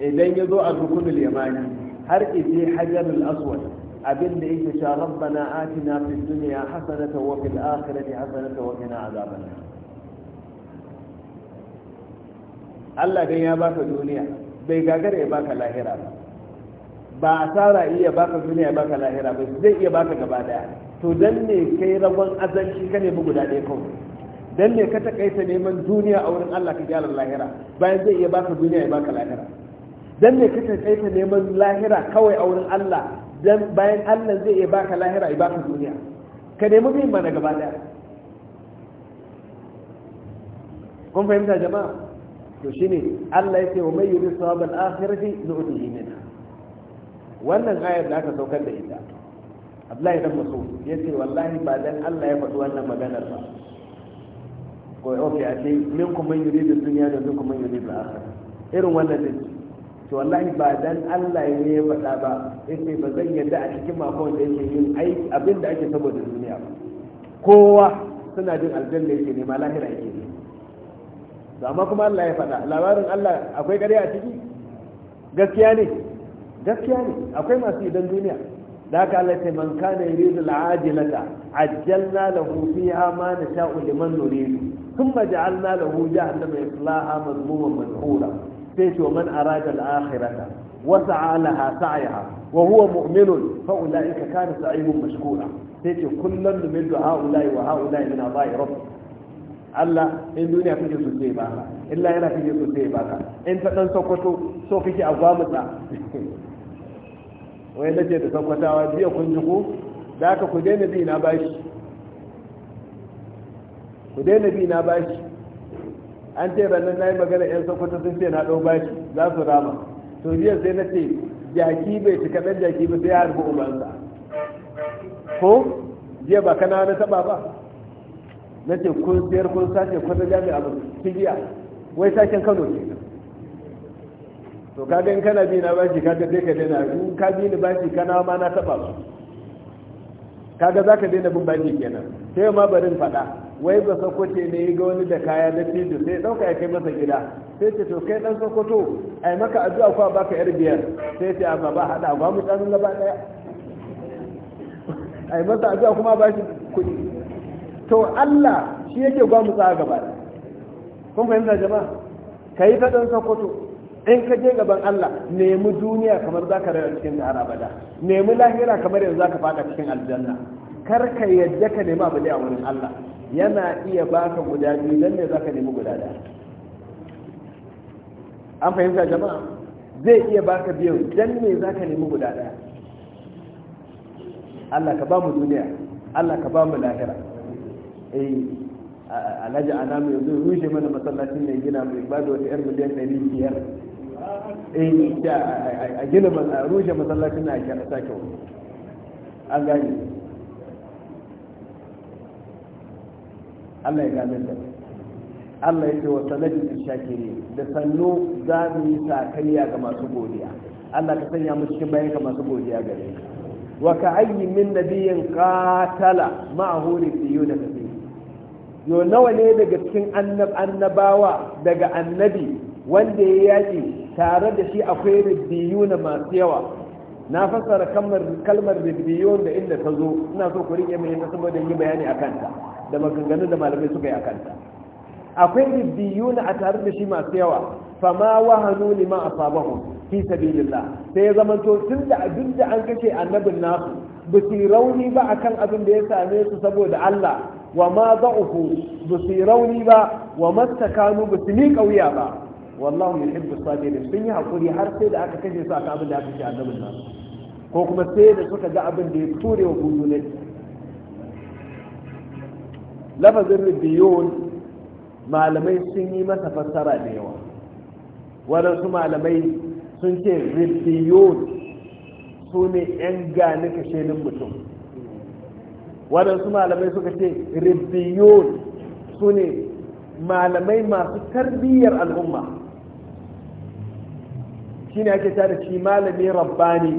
idan ya zo a rukunul yamani har ije hajarul aswad abin da yake cewa rabbana atina fid dunya hasanatan wa fil akhirati hasanatan wa qina azaban Allah dan ya baka duniya bai gagara ya baka lahira ba ba asara iya baka duniya baka lahira ba zai iya baka gaba daya to dan ne kai ragon azanci ka nemi guda ɗaya kawai dan ne ka takaita neman duniya a wurin Allah ka gyara lahira bayan zai iya baka duniya ya baka lahira dan ne ka takaita neman lahira kawai a wurin Allah dan bayan Allah zai iya baka lahira ya baka duniya ka nemi bin na gaba daya kun fahimta jama'a to shine Allah yake wa mai yuri sawabal akhirati nu'tihi minha wannan ayar da aka saukar da ita abdullahi dan maso ya ce wallahi ba dan allah ya faɗi wannan maganar ba ko ok a ce min kuma yuri da duniya da kuma kuma yuri da akhira irin wannan ne to wallahi ba dan allah ya yi faɗa ba yace ba zan yadda a cikin makon da yake yin aiki abin da ake saboda duniya ba kowa suna jin aljanna yake nema lahira yake ne amma kuma allah ya faɗa labarin allah akwai ƙarya a ciki gaskiya ne gaskiya ne akwai masu idan duniya da haka Allah sai man kana yuridu al-ajilata ajjalna lahu fiha ma nasha'u liman nuridu thumma ja'alna lahu jahannama yaslaha madmuman madhura sai to man arada al-akhirata wa sa'a laha sa'yaha wa huwa mu'minun fa ulaika kana sa'yuhum mashkura sai ce kullun min ha'ula'i wa ha'ula'i min adai rabbik Allah in duniya kake so sai baka illa yana kake so sai baka in ta dan sokoto so kake a gwamutsa wai na ce da sakwatawa biya kun ji ku da aka ku daina bi na bashi ku daina bi na bashi an ce ranar na yi magana 'yan sakwata sun ce na ɗau bashi za su rama to biya sai na ce jaki bai cika ɗan jaki ba sai ya harbi ubansa ko jiya ba kana na taɓa ba na ce kun siyar kun sace kwata jami'a ba kigiya wai sakin kano ke nan to kaga in kana bi na bashi kaga sai ka daina in ka bi ni bashi kana ma na taba su kaga zaka daina bin bashi kenan sai ma barin fada wai ba sokoto ne ga wani da kaya da fidu sai dauka ya kai masa gida sai ce to kai dan sokoto ai maka addu'a ko baka yar biyar sai ce amma ba hada ba mu tsanin gaba daya ai masa addu'a kuma bashi kuɗi to Allah shi yake gwa mu tsaya gaba kun fahimta jama'a kai ta dan sokoto in ka je gaban Allah nemi duniya kamar za ka rayu cikin har bada nemi lahira kamar yanzu za ka fada cikin aljanna kar ka yadda ka nemi abu a wurin Allah yana iya baka guda biyu dan ne za ka nemi guda da an fahimta jama'a zai iya baka biyu dan ne za ka nemi guda da, Allah ka ba mu duniya Allah ka ba mu lahira eh alhaji anamu yanzu rushe mana masallacin ne gina mai ba da wata 'yan miliyan 500 Eh, a gina a rushe masallacin na a sake wani an gani Allah ya gane da Allah ya ce wa ta shakiri da sannu za mu yi sakayya ga masu godiya Allah ka sanya mu cikin bayan ga masu godiya gare ka wa ka ayyi min nabiyin qatala ma'ahu da kathir yo nawa ne daga cikin annabawa daga annabi wanda ya yaƙi tare da shi akwai ribbiyu na masu yawa na fassara kalmar ribbiyu da inda ta zo ina so ku mai ta saboda yi bayani a kanta da maganganun da malamai suka yi a kanta akwai ribbiyu na a tare da shi masu yawa fama wahanu liman asabahu fi sabilillah sai ya zama to tun da abin da an kashe annabin nasu ba su rauni ba akan abin da ya same su saboda Allah wa ma za'ufu ba su rauni ba wa mastakanu ba su yi kauya ba wallahu yuhibbu sabirin sun yi hakuri har sai da aka kashe su aka abin da aka kashe annabin nan ko kuma sai da suka ga abin da ya ture wa gudu ne lafazin rubiyun malamai sun yi masa fassara da yawa waɗansu malamai sun ce rubiyun su ne 'yan gani kashenin mutum waɗansu malamai suka ce rubiyun su ne malamai masu tarbiyyar al'umma shine ake ta da shi malami rabbani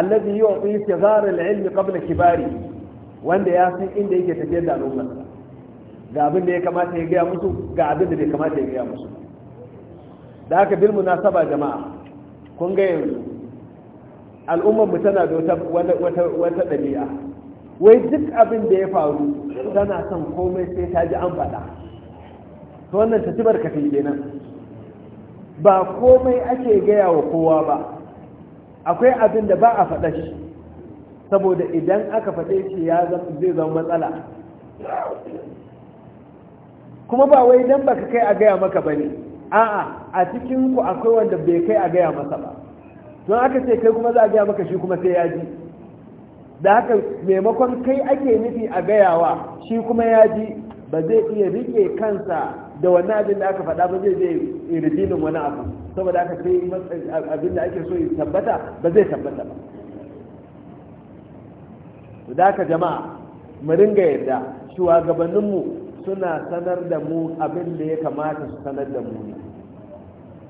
alladhi yu'ti sighar al-ilm qabla kibari wanda ya san inda yake tafiyar da al'umma ga abin da ya kamata ya gaya musu ga abin da bai kamata ya gaya musu da haka bil munasaba jama'a kun ga yanzu al'ummar mu tana da wata wata wata dabi'a wai duk abin da ya faru tana son komai sai ta ji an faɗa to wannan tatibar ka kenan ba komai ake gaya wa kowa ba akwai abin da ba a faɗa shi saboda idan aka faɗe shi ya zai zama matsala kuma ba wai dan baka kai a gaya maka bane a'a a cikin ku akwai wanda bai kai a gaya masa ba don aka ce kai kuma za a gaya maka shi kuma sai ya ji da haka maimakon kai ake nufi a gayawa shi kuma ya ji ba zai iya rike kansa da wannan abin da aka faɗa ba zai zai iridinin wani abu saboda aka sai abin da ake so yi tabbata ba zai tabbata ba da aka jama'a mu ringa yarda shugabanninmu suna sanar da mu abin da ya kamata su sanar da mu ne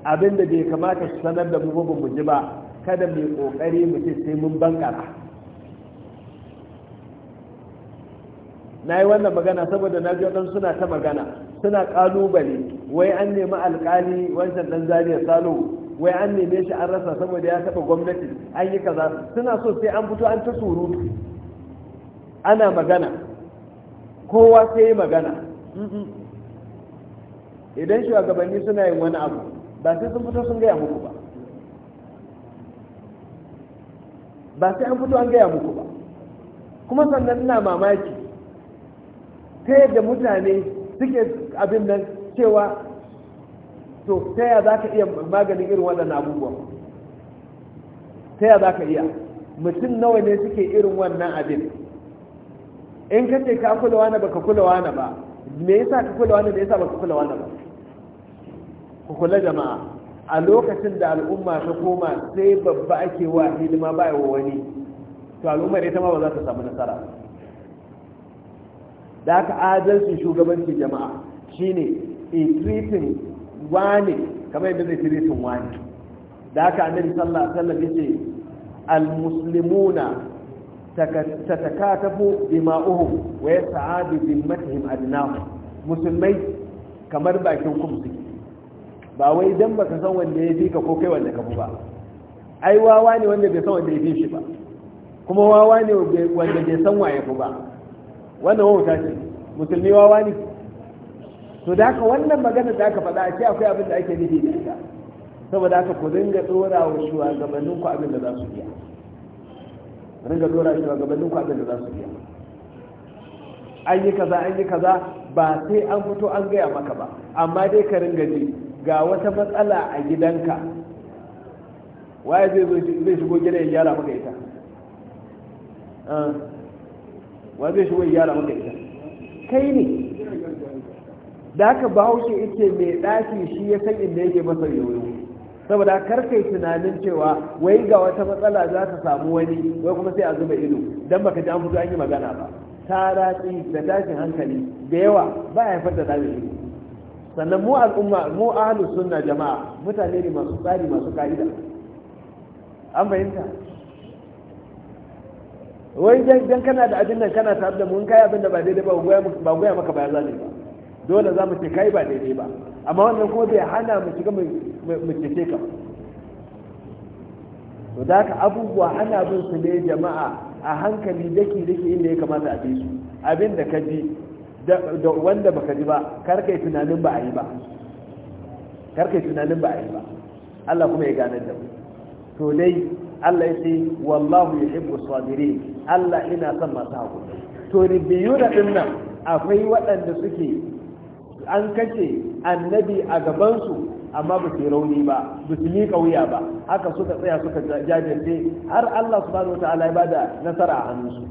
abin da bai kamata su sanar da mu ba mu ji ba kada mai kokari mu ce sai mun bankara na yi wannan magana saboda na jiwa suna ta magana suna kalubale wai an nemi alkali wancan dan zariya salo wai an neme shi an rasa saboda ya taba gwamnati an yi kaza suna so sai an fito an ta surutu ana magana kowa sai yi magana idan shugabanni suna yin wani abu ba sai sun fito sun gaya muku ba ba sai an fito an gaya muku ba kuma sannan ina mamaki ta yadda mutane suke abin nan cewa to ta yaya za ka iya maganin irin waɗannan abubuwan ta yaya za ka iya mutum nawa ne suke irin wannan abin in ka ce ka kula wani ba ka kula wani ba me yasa ka kula wani me yasa ba ka kula wani ba ku kula jama'a a lokacin da al'umma ta koma sai babba ake wa hidima ba wa wani to al'ummar ita ma ba za ta samu nasara ba da aka adalcin shugabancin jama'a shine a treating wani kamar yadda zai treating wani da haka annabi sallallahu alaihi wasallam yace almuslimuna tatakatafu dima'uhum wa yas'adu matihim adnahum musulmai kamar bakin kumsi ba wai dan baka san wanda ya fi ka ko kai wanda ka fi ba ai wawa ne wanda bai san wanda ya fi shi ba kuma wawa ne wanda bai san waye fi ba wannan wauta ce musulmi wawa ne to da haka wannan magana da aka faɗa a ce akwai abin da ake nufi da ita saboda haka ku ringa dora wa shugabannin ku abin da za su iya ringa dora shugabannin ku abin da za su iya an yi kaza an yi kaza ba sai an fito an gaya maka ba amma dai ka ringa ji ga wata matsala a gidanka waye zai shigo gida ya gyara maka ita ah. wa zai shigo gyara maka ita kai ne da haka bahaushe yake mai ɗaki shi ya san inda yake masa yoyo saboda kar yi tunanin cewa wai ga wata matsala za ta samu wani wai kuma sai a zuba ido don baka ji an fito an yi magana ba Ta ratsi da tashin hankali da yawa ba a haifar da tashin ido sannan mu al'umma mu ahlus sunna jama'a mutane ne masu tsari masu ka'ida an fahimta wai dan kana da abin nan kana tare da mun kai abin da ba daidai ba ba goya maka ba za ne ba dole za mu ce kai ba daidai ba amma wannan kuma bai hana mu shiga mu cece ka to da ka abubuwa ana bin su ne jama'a a hankali daki daki inda ya kamata a bi su abin da ka ji da wanda baka ji ba kar kai tunanin ba a yi ba kar kai tunanin ba a yi ba Allah kuma ya ganar da mu to dai Allah ya ce wallahu yuhibbu sabirin Allah ina son masu haƙuri to biyu da nan akwai waɗanda suke an kashe annabi a gabansu amma ba su rauni ba ba su miƙa wuya ba haka suka tsaya suka jajirce har Allah subhanahu wataala ya bada nasara a hannunsu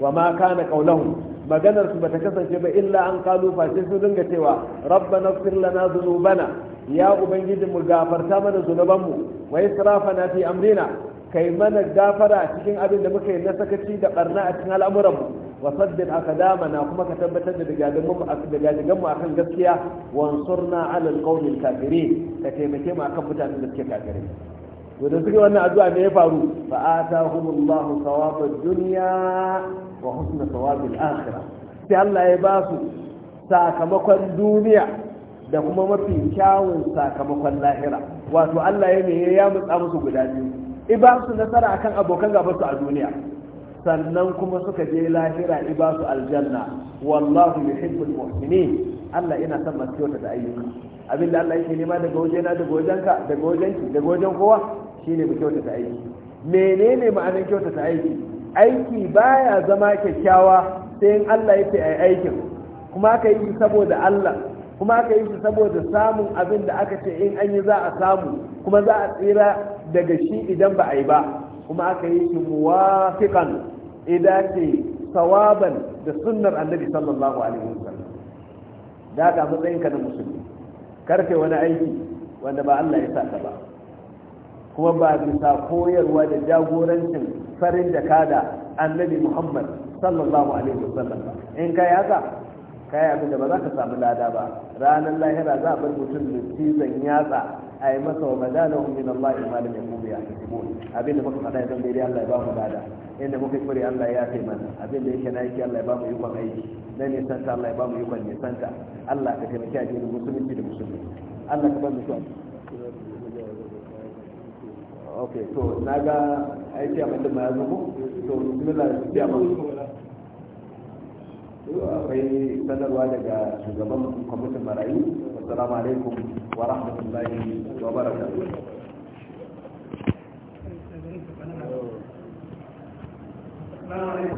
wa ma kana qawluhum maganar su bata kasance ba illa an kalu face su dinga cewa rabbana ighfir lana dhunubana ya ubangijin mu gafarta mana zunuban mu wa israfana fi amrina kai mana gafara a cikin abin da muka yi na sakaci da barna a cikin al'amuranmu wa saddin na kuma ka tabbatar da digadiganmu a kan gaskiya wansurna alal qawlil kafirin ka taimake mu akan mutanen da suke kafirin to suke wannan addu'a me ya faru fa atahumullahu thawabad dunya wa husna thawabil akhirah sai Allah ya ba su sakamakon duniya da kuma mafi kyawun sakamakon lahira wato Allah ya ne ya mutsa musu guda biyu iba su nasara akan abokan su a duniya sannan kuma suka je lahira iba su aljanna wallahu yuhibbul mu'minin Allah ina son masu kyauta da ayyuka abinda Allah yake nema daga na daga wajenka daga wajen ki, daga wajen kowa shine mu kyauta da aiki menene ma'anar kyauta da aiki aiki baya zama kyakkyawa sai in Allah ya ce aikin kuma ka yi saboda Allah kuma aka yi shi saboda samun abin da aka ce in an yi za a samu kuma za a tsira daga shi idan ba a yi ba kuma aka yi shi muwafiqan idan ce sawaban da sunnar annabi sallallahu alaihi wasallam da ka matsayin ka na musulmi karfe wani aiki wanda ba Allah ya saka ba kuma ba bisa koyarwa da jagorancin farin jakada annabi Muhammad sallallahu alaihi wasallam in kai haka kai abin da ba za ka samu lada ba ranar lahira za a bar mutum da cizon yatsa a yi masa wa madana min Allah in malam ya kuma ya kasibo abin da muka faɗa idan daidai Allah ya ba mu lada inda muka kure Allah ya fi mana abin da yake na yake Allah ya ba mu kwan aiki na nisanta Allah ya ba mu yukon nisanta Allah ka taimaki a jini musulunci da musulmi Allah ka ba mu kwan ok to na ga aiki a mai da ma ya zo to bismillah ya ba mu akwai sanarwa daga shugaban kwamitin marayu assalamu alaikum wa rahmatullahi wa barakatuh